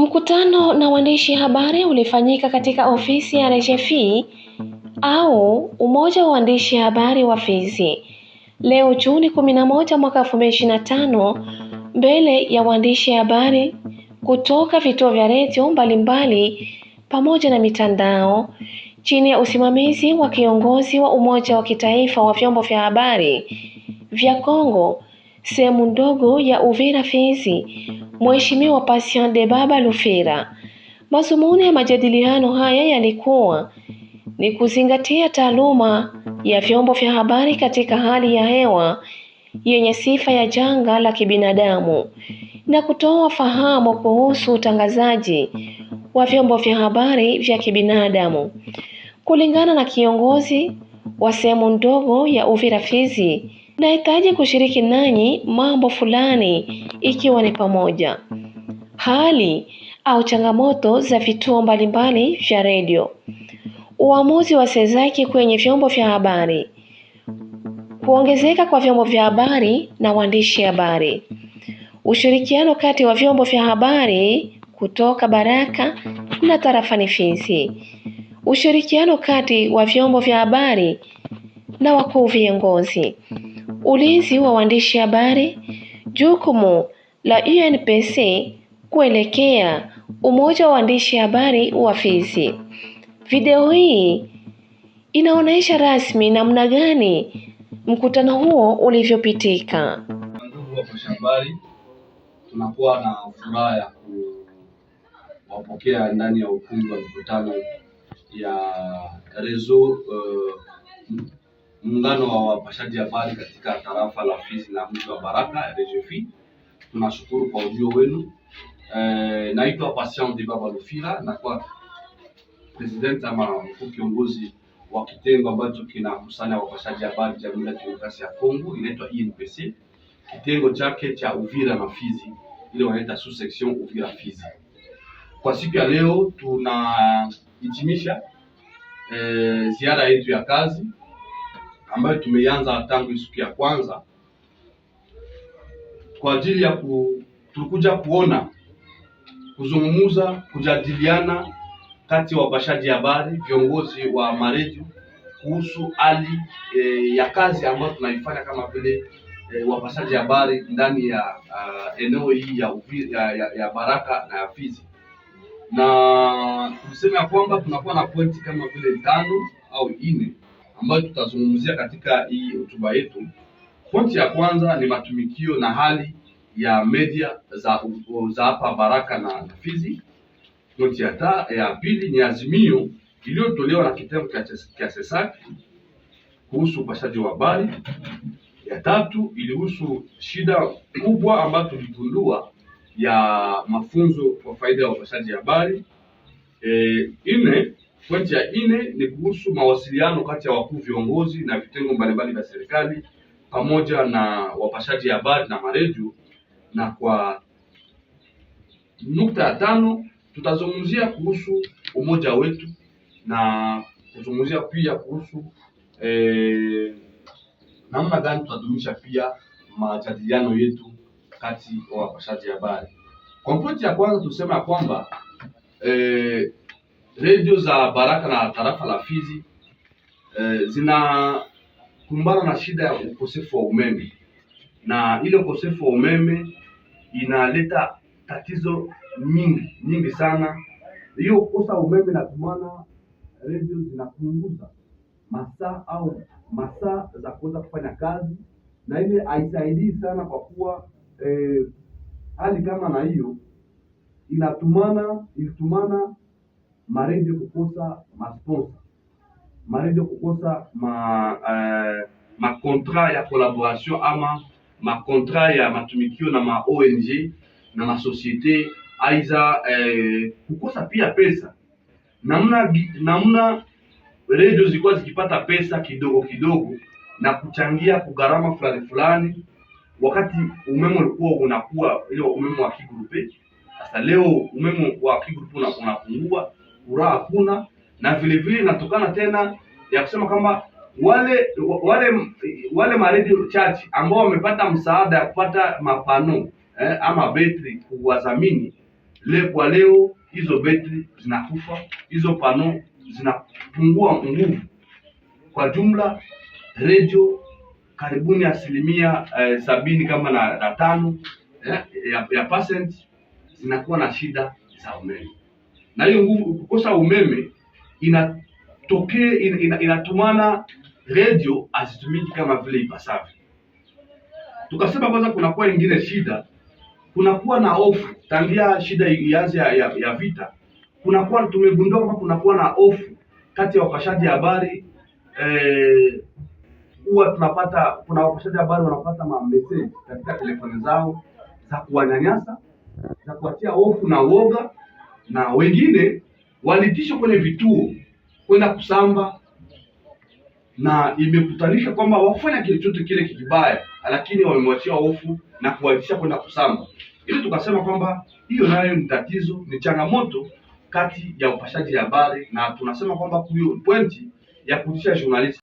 Mkutano na waandishi habari ulifanyika katika ofisi ya RFI au Umoja wa Waandishi Habari wa Fizi leo Juni 11 mwaka 2025 mbele ya waandishi habari kutoka vituo vya redio mbalimbali pamoja na mitandao chini ya usimamizi wa kiongozi wa Umoja wa Kitaifa wa Vyombo vya Habari vya Kongo sehemu ndogo ya Uvira Fizi, Mheshimiwa Patient de Baba Lufera. Mazumuni ya majadiliano haya yalikuwa ni kuzingatia taaluma ya vyombo vya habari katika hali ya hewa yenye sifa ya janga la kibinadamu na kutoa fahamu kuhusu utangazaji wa vyombo vya habari vya kibinadamu. Kulingana na kiongozi wa sehemu ndogo ya Uvira Fizi, nahitaji kushiriki nanyi mambo fulani ikiwa ni pamoja hali au changamoto za vituo mbalimbali vya redio, uamuzi wa Sezaki kwenye vyombo vya habari, kuongezeka kwa vyombo vya habari na waandishi habari, ushirikiano kati wa vyombo vya habari kutoka Baraka na tarafani Fizi, ushirikiano kati wa vyombo vya habari na wakuu viongozi ulinzi wa waandishi habari, jukumu la UNPC kuelekea umoja wa waandishi habari wa Fizi. Video hii inaonyesha rasmi namna gani mkutano huo ulivyopitika. Ndugu waandishi habari, tunakuwa na furaha ya kuwapokea ndani ya ukumbi wa mkutano ya Rezo uh, eh, muungano wa wapashaji habari katika tarafa la Fizi la mji wa Baraka RGFI. Tunashukuru kwa ujio wenu. E, naitwa Patient Deba Balufira na kwa president ama mkuu kiongozi wa kitengo ambacho kinakusanya wapashaji habari Jamhuri ya Kidemokrasia ya Kongo, inaitwa INPC, kitengo chake cha Uvira na Fizi, ile wanaita sous section Uvira Fizi. Kwa siku ya leo tunahitimisha e, ziara yetu ya kazi ambayo tumeianza tangu siku ya kwanza kwa ajili ya ku, tulikuja kuona kuzungumza, kujadiliana kati ya wapashaji habari, viongozi wa maredio kuhusu hali e, ya kazi ambayo tunaifanya kama vile e, wapashaji habari ndani ya uh, eneo hii ya, ya, ya, ya Baraka na ya Fizi, na tuseme ya kwamba tunakuwa na pointi kama vile tano au nne ambayo tutazungumzia katika hii hotuba yetu. Pointi ya kwanza ni matumikio na hali ya media za za hapa Baraka na Fizi. Pointi ya, ta, ya pili ni azimio iliyotolewa na kitengo cha SESAC kuhusu upashaji wa habari. Ya tatu ilihusu shida kubwa ambayo tuligundua ya mafunzo kwa faida ya upashaji habari. E, nne Pointi ya nne ni kuhusu mawasiliano kati ya wakuu viongozi na vitengo mbalimbali vya serikali pamoja na wapashaji habari na maredio. Na kwa nukta ya tano tutazungumzia kuhusu umoja wetu na kuzungumzia pia kuhusu eh, namna gani tutadumisha pia majadiliano yetu kati wa wapashaji habari. Kwa pointi ya kwanza tusema ya kwamba eh, redio za Baraka na tarafa la Fizi eh, zinakumbana na shida ya ukosefu wa umeme, na ile ukosefu wa umeme inaleta tatizo nyingi nyingi sana. Hiyo kukosa umeme kumana redio zinapunguza masaa au masaa za kuweza kufanya kazi, na ile haisaidii sana kwa kuwa eh, hali kama na hiyo inatumana ilitumana maredio kukosa masponsa, maredio kukosa ma uh, eh, makontrat ya collaboration ama makontrat ya matumikio na ma ONG na masosiete aiza eh, kukosa pia pesa. Namna namna redio zilikuwa zikipata pesa kidogo kidogo na kuchangia kugharama fulani fulani, wakati umeme ulikuwa unakuwa ile umeme wa kigrupe. Sasa leo umeme wa kigrupe unapungua, furaha hakuna, na vile vile inatokana tena ya kusema kwamba wale wale wale maredi chachi ambao wamepata msaada ya kupata mapano eh, ama betri kuwazamini leo kwa leo, hizo betri zinakufa, hizo pano zinapungua nguvu. Kwa jumla redio karibuni asilimia eh, sabini kama na, na tano eh, ya, ya percent zinakuwa na shida za umeme na hiyo nguvu, ukikosa umeme inatokea in, in, inatumana redio hazitumiki kama vile ipasavyo. Tukasema kwanza, kunakuwa ingine shida, kunakuwa na hofu tangia shida ianze ya, ya, ya vita, kunakuwa tumegundua kwamba kunakuwa na hofu kati ya wapashaji habari eh, huwa eh, tunapata kuna wapashaji habari wanapata ma katika telefoni zao za kuwanyanyasa za kuwatia hofu na uoga na wengine walitishwa kwenye vituo kwenda kusamba, na imekutanisha kwamba kile chote kile kibaya, lakini wamemwachia hofu na kuwaitisha kwenda kusamba, ili tukasema kwamba hiyo nayo ni tatizo, ni changamoto kati ya upashaji habari, na tunasema kwamba kuyo pointi ya kutisha journalist